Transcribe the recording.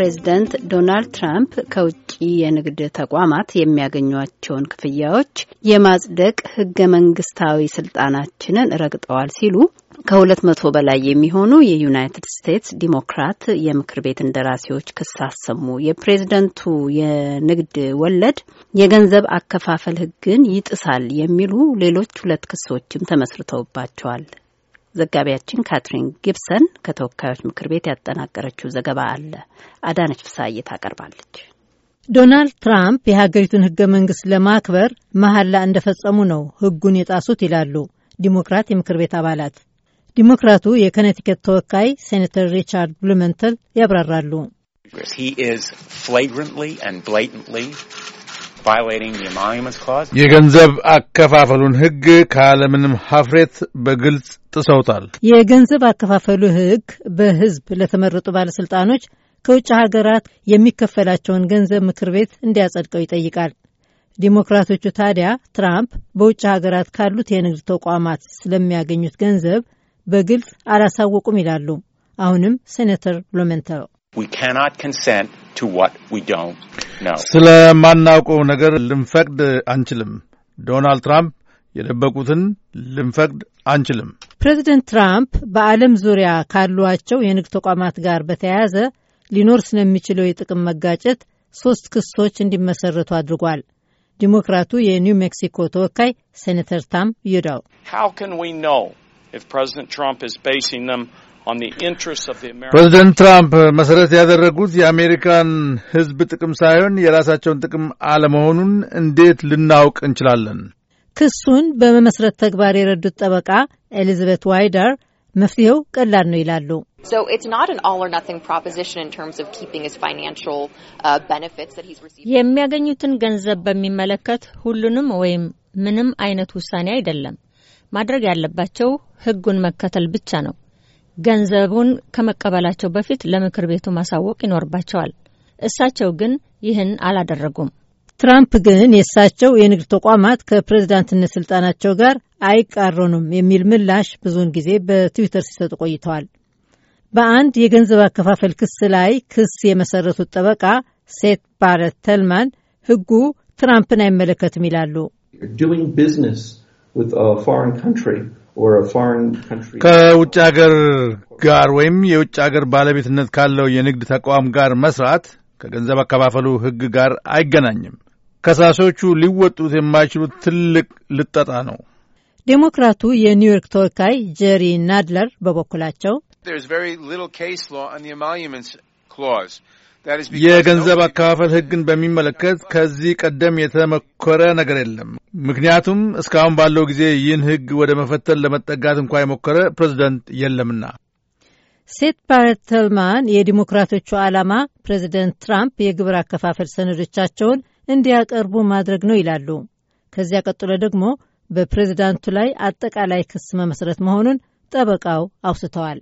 ፕሬዝደንት ዶናልድ ትራምፕ ከውጭ የንግድ ተቋማት የሚያገኟቸውን ክፍያዎች የማጽደቅ ህገ መንግስታዊ ስልጣናችንን ረግጠዋል ሲሉ ከሁለት መቶ በላይ የሚሆኑ የዩናይትድ ስቴትስ ዲሞክራት የምክር ቤት እንደራሴዎች ክስ አሰሙ። የፕሬዝደንቱ የንግድ ወለድ የገንዘብ አከፋፈል ህግን ይጥሳል የሚሉ ሌሎች ሁለት ክሶችም ተመስርተውባቸዋል። ዘጋቢያችን ካትሪን ጊብሰን ከተወካዮች ምክር ቤት ያጠናቀረችው ዘገባ አለ። አዳነች ፍሳዬ ታቀርባለች። ዶናልድ ትራምፕ የሀገሪቱን ህገ መንግስት ለማክበር መሐላ እንደፈጸሙ ነው ህጉን የጣሱት ይላሉ ዲሞክራት የምክር ቤት አባላት። ዲሞክራቱ የከነቲከት ተወካይ ሴኔተር ሪቻርድ ብሉመንተል ያብራራሉ። የገንዘብ አከፋፈሉን ሕግ ከዓለምንም ሀፍሬት በግልጽ ጥሰውታል። የገንዘብ አከፋፈሉ ሕግ በሕዝብ ለተመረጡ ባለሥልጣኖች ከውጭ ሀገራት የሚከፈላቸውን ገንዘብ ምክር ቤት እንዲያጸድቀው ይጠይቃል። ዲሞክራቶቹ ታዲያ ትራምፕ በውጭ ሀገራት ካሉት የንግድ ተቋማት ስለሚያገኙት ገንዘብ በግልጽ አላሳወቁም ይላሉ። አሁንም ሴኔተር ብሉመንተል to what we don't know. ስለማናውቀው ነገር ልንፈቅድ አንችልም። ዶናልድ ትራምፕ የደበቁትን ልንፈቅድ አንችልም። ፕሬዚደንት ትራምፕ በዓለም ዙሪያ ካሏቸው የንግድ ተቋማት ጋር በተያያዘ ሊኖር ስለሚችለው የጥቅም መጋጨት ሶስት ክሶች እንዲመሰረቱ አድርጓል። ዲሞክራቱ የኒው ሜክሲኮ ተወካይ ሴኔተር ታም ይዳው ፕሬዚደንት ትራምፕ መሰረት ያደረጉት የአሜሪካን ሕዝብ ጥቅም ሳይሆን የራሳቸውን ጥቅም አለመሆኑን እንዴት ልናውቅ እንችላለን? ክሱን በመመስረት ተግባር የረዱት ጠበቃ ኤሊዛቤት ዋይደር መፍትሄው ቀላል ነው ይላሉ። uh, የሚያገኙትን ገንዘብ በሚመለከት ሁሉንም ወይም ምንም አይነት ውሳኔ አይደለም። ማድረግ ያለባቸው ህጉን መከተል ብቻ ነው። ገንዘቡን ከመቀበላቸው በፊት ለምክር ቤቱ ማሳወቅ ይኖርባቸዋል። እሳቸው ግን ይህን አላደረጉም። ትራምፕ ግን የእሳቸው የንግድ ተቋማት ከፕሬዝዳንትነት ስልጣናቸው ጋር አይቃረኑም የሚል ምላሽ ብዙውን ጊዜ በትዊተር ሲሰጡ ቆይተዋል። በአንድ የገንዘብ አከፋፈል ክስ ላይ ክስ የመሰረቱት ጠበቃ ሴት ባረት ተልማን ሕጉ ትራምፕን አይመለከትም ይላሉ። ከውጭ ሀገር ጋር ወይም የውጭ ሀገር ባለቤትነት ካለው የንግድ ተቋም ጋር መስራት ከገንዘብ አከፋፈሉ ሕግ ጋር አይገናኝም። ከሳሾቹ ሊወጡት የማይችሉት ትልቅ ልጠጣ ነው። ዴሞክራቱ የኒውዮርክ ተወካይ ጄሪ ናድለር በበኩላቸው የገንዘብ አከፋፈል ሕግን በሚመለከት ከዚህ ቀደም የተመኮረ ነገር የለም። ምክንያቱም እስካሁን ባለው ጊዜ ይህን ሕግ ወደ መፈተን ለመጠጋት እንኳ የሞከረ ፕሬዚደንት የለምና። ሴት ባረት ተልማን የዲሞክራቶቹ ዓላማ ፕሬዚደንት ትራምፕ የግብር አከፋፈል ሰነዶቻቸውን እንዲያቀርቡ ማድረግ ነው ይላሉ። ከዚያ ቀጥሎ ደግሞ በፕሬዚዳንቱ ላይ አጠቃላይ ክስ መመስረት መሆኑን ጠበቃው አውስተዋል።